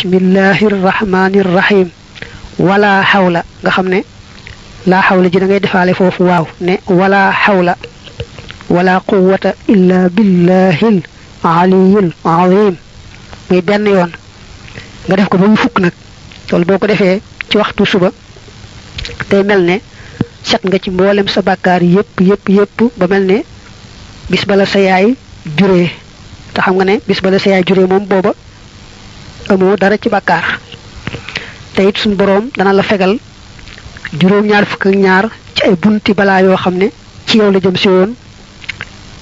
bismillahi rahmaani rahim wala xawla nga xam ne laa xawla ji dangay ngay foofu waaw ne wala xawla wala quwata illa billahil aliyil azim muy benn yoon nga def ko ba mu fukk nag loolu boo ko defee ci waxtu suba tey mel ne set nga ci mboolem sa bàkkaar yépp yépp yépp ba mel ne bis bala sa yaay juree te xam nga ne bis bala sa yaay juree moom booba amoo dara ci bàkkaar te it suñ boroom dana la fegal juróom-ñaar fukk ak ñaar ci ay bunti balaa yoo xam ne ci yow la jëm si woon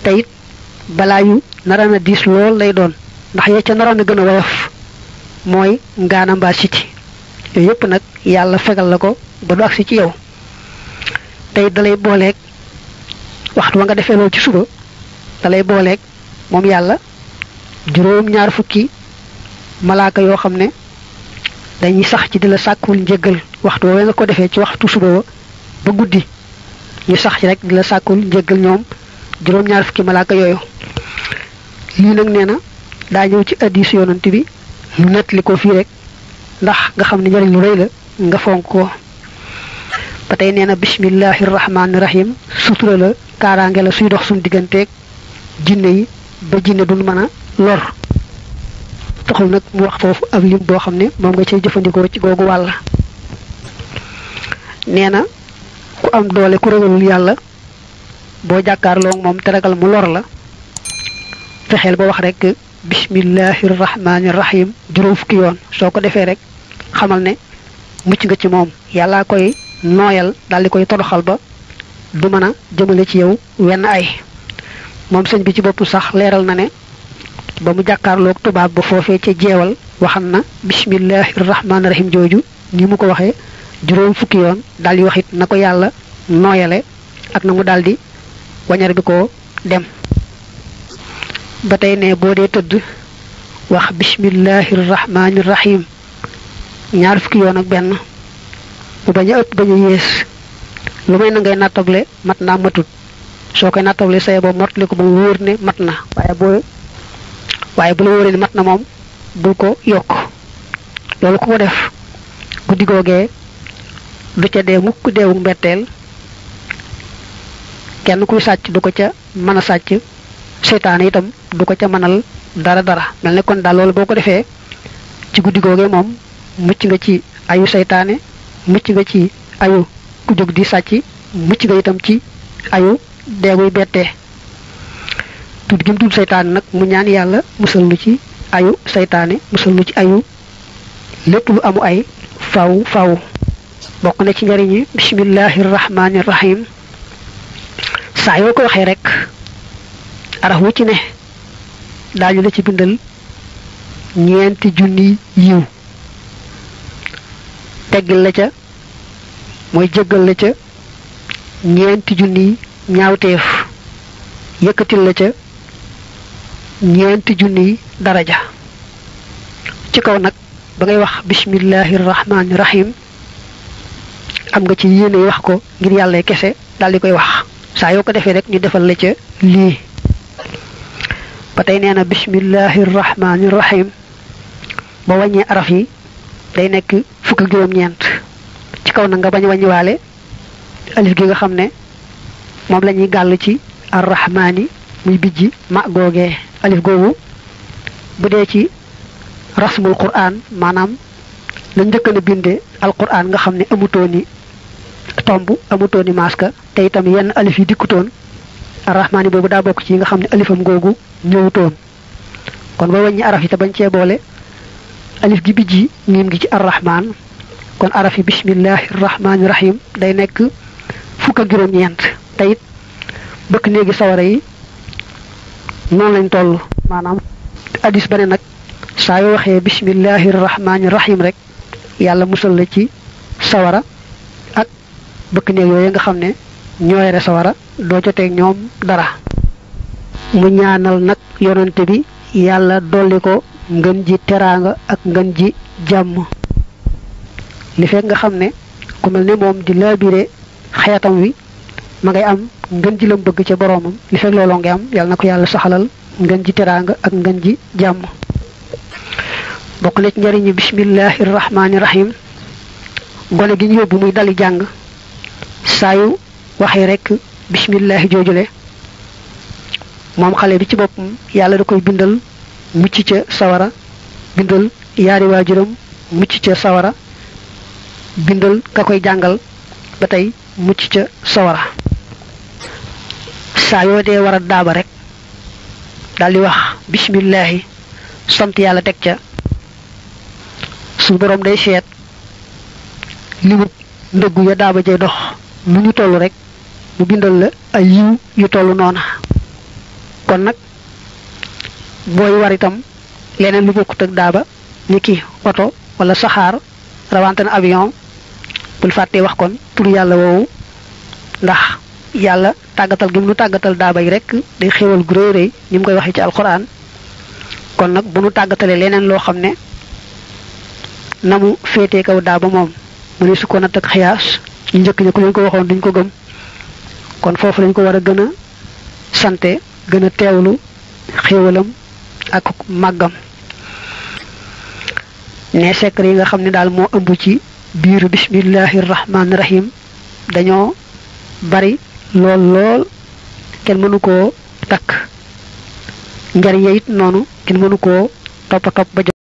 te it balaa yu naroon a diis lool lay doon ndax yee ca naroon a gën a woyof mooy ngaana mbaa siti yooyu yëpp nag yàlla fegal la ko ba du agsi ci yow te it dalay booleeg waxtu wa nga defee loolu ci suba dalay booleek moom yàlla juróom-ñaar fukki malaaka yoo xam ne dañuy sax ci di la sàkkul njëggal waxtu woowee nga ko defee ci waxtu suba wa ba guddi ñu sax ci rek di sàkkul njëgal ñoom juróom-ñaar fukki malaaka yooyu lii nag nee na daa jëw ci addis yonant bi ñu nettali ko fii rek ndax nga xam ne njëriñ lu rëy la nga fonk ko ba tey nee na bismillahi rahmaani rahim sutura la kaaraange la suy dox suñu digganteeg jinne yi ba jinne duñ mën a lor taxul nag mu wax foofu ab lim boo xam ne moom nga cay jëfandikoo ci googu wàll nee na ku am doole ku ragalul yàlla boo jàkkaarloo moom te ragal mu lor la fexeel ba wax rek bismillahi rahmanir rahim juróom fukki yoon soo ko rek xamal ne mucc nga ci moom yàllaa koy nooyal daal di koy toroxal ba du mën a jëmale ci yow wenn ay moom sëñ bi ci bopp sax leeral na ne ba mu jàkkaarloog tubaab ba foofee ca jeewal waxan na bismillahirrahmanirrahim rahmaani rahim jooju ni mu ko waxee juróom fukki yoon daal di waxit na ko yàlla ak na mu daal wañar bi ko dem ba tey ne boo dee tëdd wax bismillahi rahmaani rahim ñaar fukki yoon ak benn bu bañ a ëpp bañ lu may na ngay nattable mat matut So koy nattable sa boo mottali ko ba mu wóor ne waaye bu la wóoree mat na moom bul ko yokk loolu ku ko def guddi googee du ca dee mukk deewu mbetteel kenn kuy sàcc du ko ca mën a sàcc seytaane itam du ko ca mënal dara dara mel ne kon daal loolu boo ko defee ci guddi googee moom mucc nga ci ayu seytaane mucc nga ci ayu ku jóg di sàcc mucc nga itam ci ayu deeguy bettee tudd gi mu seytaane nag mu ñaan yàlla musal lu ci ayu seytaane musal nu ci ayu lépp lu amu ay faw faw bokk na ci njariñi bismillahi rahmaani rahim saa yoo ko waxe rek araf wu ci ne daañu la ci bindal ñeenti junni yiw teggil la ca mooy jëggal ca ñeenti junni ñaawteef yëkkatil la ca ñeenti junniy daraja ci kaw nag ba ngay wax bismillahi rahmaani rahim am nga ci yéene wax ko ngir yàlla kese dal di koy wax saa yoo ko defee rek ñu defal la ca lii ba tey nee na bismillahi rahmaani rahim ba wàññee araf yi day nekk fukk ak ñeent ci kaw nag nga bañ wàññi waale alif gi nga xam ne moom la ñuy gàll ci arrahmaani muy bijji ma googee alif googu bu dee ci rasmul quraan maanaam la njëkk a bindee alquraan nga xam ne amutoo ni tomb amutoo maska maaska te itam yenn alif yi dikkutoon arrahmaani boobu daa bokk ci yi nga xam ne alifam googu ñëwutoon kon boo wàññi araf yi te bañ cee boole alif gi bijji miim gi ci arrahmaan kon araf yi bismillahi rahmaani rahim day nekk fukk ak juróom te it bëkk néegi sawara yi noonu lañ toll maanaam addis ba ne nag saa yoo waxee bismillahi rahmaani rahim rek yàlla musal la ci sawara ak bëkk néeg yooyu nga xam ne ñoo sawara doo joteeg ñoom dara mu ñaanal nag yonante bi yàlla dolli ko ngën ji teraanga ak ngën ji jàmm li fekk nga xam ne ku mel ni moom di laabire xeetam wi ma ngay am ngën ji la mu bëgg ca boroomam li fekk looloo ngi am yàlla na ko yàlla saxalal ngën ji teraanga ak ngën ji jàmm bokk na ci njariñu bismillahi rahmaani gone gi ñu yóbbu muy dali jàng saa yu waxee rekk bismillahi joojule moom xale bi ci boppam yàlla da koy bindal mucc ca sawara bindal yaari waajuram mucc ca sawara bindal koy jàngal ba tey mucc ca sawara saa yoo dee war daaba rek daal di wax bisimillahi sant yàlla deg ca su boroom day seet li mu ndëggu ya daaba jay dox mu ñu toll rekk mu bindal la ay yiw yu toll noona kon nag booy waritam leneen lu bokkut daaba ni ki oto wala saxaar rawante na avion bul fàttee wax kon tur yàlla woowu ndax yàlla tàggatal gi mu nu tàggatal yi rek day xéwal gu rëy rëy ni mu koy waxee ci alxuraan kon nag bu nu tàggatalee leneen loo xam ne na mu féetee kaw daaba moom mu ne su ko natt xiyaas njëkk ña ku leen ko waxoon duñ ko gëm kon foofu lañ ko war a gën a sante gën a teewlu xéewalam ak màggam ne secret yi nga xam ne daal moo ëmb ci biiru bismillahi rahmaani rahim dañoo bari lool lool kenn mënu ko takk njariña it noonu kenn mënu ko topp topp ba